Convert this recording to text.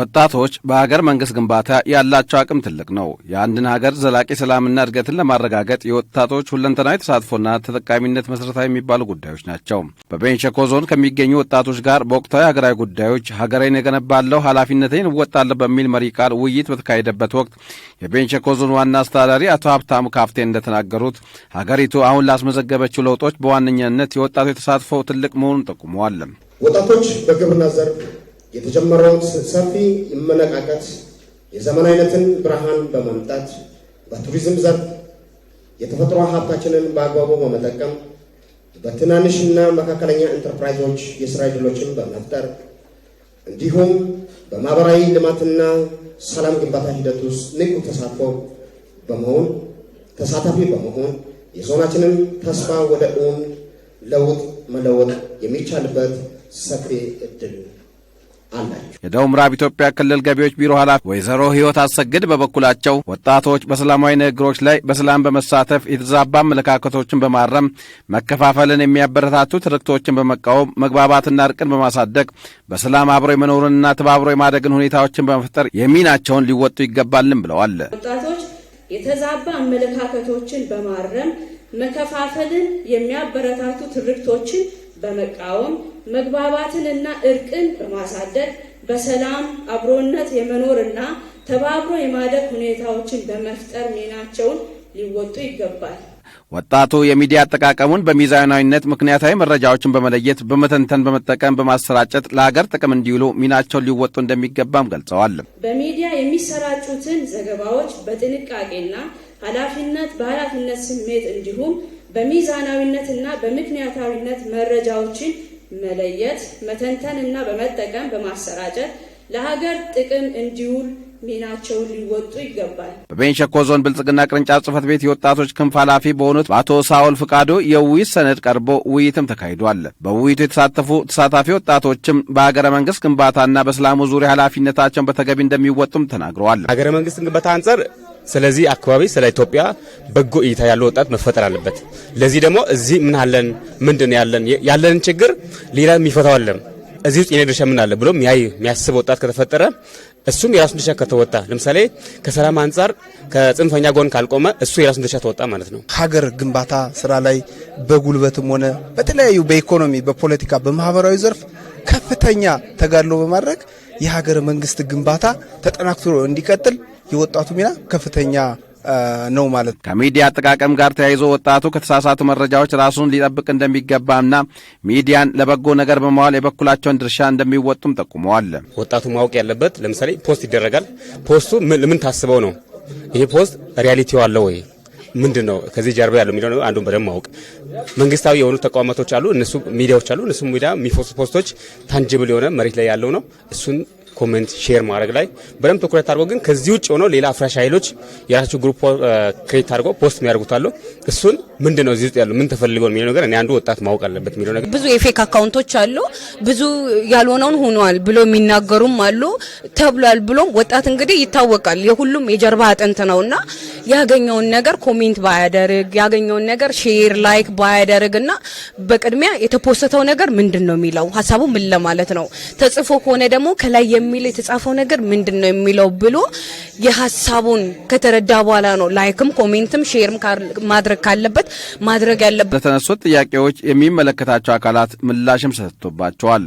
ወጣቶች በሀገር መንግስት ግንባታ ያላቸው አቅም ትልቅ ነው። የአንድን ሀገር ዘላቂ ሰላምና እድገትን ለማረጋገጥ የወጣቶች ሁለንተናዊ ተሳትፎና ተጠቃሚነት መሠረታዊ የሚባሉ ጉዳዮች ናቸው። በቤንሸኮ ዞን ከሚገኙ ወጣቶች ጋር በወቅታዊ ሀገራዊ ጉዳዮች ሀገሬን እገነባለሁ፣ ኃላፊነቴን እወጣለሁ በሚል መሪ ቃል ውይይት በተካሄደበት ወቅት የቤንሸኮ ዞን ዋና አስተዳዳሪ አቶ ሀብታሙ ካፍቴ እንደተናገሩት ሀገሪቱ አሁን ላስመዘገበችው ለውጦች በዋነኛነት የወጣቶች ተሳትፎ ትልቅ መሆኑን ጠቁመዋል። ወጣቶች በግብርና ዘርፍ የተጀመረውን ሰፊ የዘመን አይነትን ብርሃን በማምጣት በቱሪዝም ዘርፍ የተፈጥሮ ሀብታችንን በአግባቡ በመጠቀም በትናንሽና መካከለኛ ኢንተርፕራይዞች የስራ ዕድሎችን በመፍጠር እንዲሁም በማህበራዊ ልማትና ሰላም ግንባታ ሂደት ውስጥ ንቁ ተሳትፎ በመሆን ተሳታፊ በመሆን የዞናችንን ተስፋ ወደ እውን ለውጥ መለወጥ የሚቻልበት ሰፊ እድል ነው። አንዳኞች። የደቡብ ምዕራብ ኢትዮጵያ ክልል ገቢዎች ቢሮ ኃላፊ ወይዘሮ ህይወት አሰግድ በበኩላቸው ወጣቶች በሰላማዊ ንግግሮች ላይ በሰላም በመሳተፍ የተዛባ አመለካከቶችን በማረም መከፋፈልን የሚያበረታቱ ትርክቶችን በመቃወም መግባባትና እርቅን በማሳደግ በሰላም አብሮ የመኖርንና ተባብሮ የማደግን ሁኔታዎችን በመፍጠር የሚናቸውን ሊወጡ ይገባልን ብለዋል። ወጣቶች የተዛባ አመለካከቶችን በማረም መከፋፈልን የሚያበረታቱ ትርክቶችን በመቃወም መግባባትንና እርቅን በማሳደግ በሰላም አብሮነት የመኖርና ተባብሮ የማደግ ሁኔታዎችን በመፍጠር ሚናቸውን ሊወጡ ይገባል። ወጣቱ የሚዲያ አጠቃቀሙን በሚዛናዊነት ምክንያታዊ መረጃዎችን በመለየት በመተንተን በመጠቀም በማሰራጨት ለሀገር ጥቅም እንዲውሉ ሚናቸውን ሊወጡ እንደሚገባም ገልጸዋል። በሚዲያ የሚሰራጩትን ዘገባዎች በጥንቃቄና ኃላፊነት በኃላፊነት ስሜት እንዲሁም በሚዛናዊነትና በምክንያታዊነት መረጃዎችን መለየት መተንተንና በመጠቀም በማሰራጨት ለሀገር ጥቅም እንዲውል ሚናቸውን ሊወጡ ይገባል። በቤንች ሸኮ ዞን ብልጽግና ቅርንጫፍ ጽህፈት ቤት የወጣቶች ክንፍ ኃላፊ በሆኑት በአቶ ሳውል ፍቃዱ የውይይት ሰነድ ቀርቦ ውይይትም ተካሂዷል። በውይይቱ የተሳተፉ ተሳታፊ ወጣቶችም በሀገረ መንግስት ግንባታና በሰላሙ ዙሪያ ኃላፊነታቸውን በተገቢ እንደሚወጡም ተናግረዋል። ሀገረ መንግስት ግንባታ አንጻር ስለዚህ አካባቢ ስለ ኢትዮጵያ በጎ እይታ ያለው ወጣት መፈጠር አለበት። ለዚህ ደግሞ እዚህ ምን አለን ምንድን ያለን ያለንን ችግር ሌላ የሚፈታው አለም እዚህ ውስጥ የኔ ድርሻ ምን አለ ብሎ ያይ የሚያስብ ወጣት ከተፈጠረ እሱም የራሱን ድርሻ ከተወጣ፣ ለምሳሌ ከሰላም አንጻር ከጽንፈኛ ጎን ካልቆመ እሱ የራሱን ድርሻ ተወጣ ማለት ነው። ሀገር ግንባታ ስራ ላይ በጉልበትም ሆነ በተለያዩ በኢኮኖሚ፣ በፖለቲካ፣ በማህበራዊ ዘርፍ ከፍተኛ ተጋድሎ በማድረግ የሀገር መንግስት ግንባታ ተጠናክቶ እንዲቀጥል የወጣቱ ሚና ከፍተኛ ነው ማለት ከሚዲያ አጠቃቀም ጋር ተያይዞ ወጣቱ ከተሳሳቱ መረጃዎች ራሱን ሊጠብቅ እንደሚገባና ሚዲያን ለበጎ ነገር በመዋል የበኩላቸውን ድርሻ እንደሚወጡም ጠቁመዋል። ወጣቱ ማወቅ ያለበት ለምሳሌ ፖስት ይደረጋል። ፖስቱ ለምን ታስበው ነው? ይሄ ፖስት ሪያሊቲው አለ ወይ ምንድን ነው ከዚህ ጀርባ ያለው የሚለው አንዱን በደንብ ማወቅ። መንግስታዊ የሆኑ ተቋማቶች አሉ፣ እነሱ ሚዲያዎች አሉ። እነሱ ሚዲያ የሚፎሱ ፖስቶች ታንጅብል የሆነ መሬት ላይ ያለው ነው እሱን ኮሜንት፣ ሼር ማድረግ ላይ በደንብ ትኩረት አድርጎ ግን ከዚህ ውጭ ሆኖ ሌላ አፍራሽ ኃይሎች የራሳቸው ግሩፕ ክሬት አድርጎ ፖስት የሚያደርጉት አለ። እሱን ምንድን ነው እዚህ ውስጥ ያሉ ምን ተፈልገው የሚለው ነገር እኔ አንዱ ወጣት ማወቅ አለበት የሚለው ነገር ብዙ የፌክ አካውንቶች አሉ። ብዙ ያልሆነውን ሆኗል ብሎ የሚናገሩም አሉ ተብሏል። ብሎም ወጣት እንግዲህ ይታወቃል የሁሉም የጀርባ አጥንት እና ያገኘውን ነገር ኮሜንት ባያደርግ ያገኘውን ነገር ሼር ላይክ ባያደርግ እና በቅድሚያ የተፖሰተው ነገር ምንድን ነው የሚለው ሀሳቡ ምን ለማለት ነው ተጽፎ ከሆነ ደግሞ ከላይ የሚለው የተጻፈው ነገር ምንድን ነው የሚለው ብሎ የሀሳቡን ከተረዳ በኋላ ነው ላይክም ኮሜንትም ሼርም ማድረግ ካለበት ማድረግ ያለበት። ለተነሱት ጥያቄዎች የሚመለከታቸው አካላት ምላሽም ሰጥቶባቸዋል።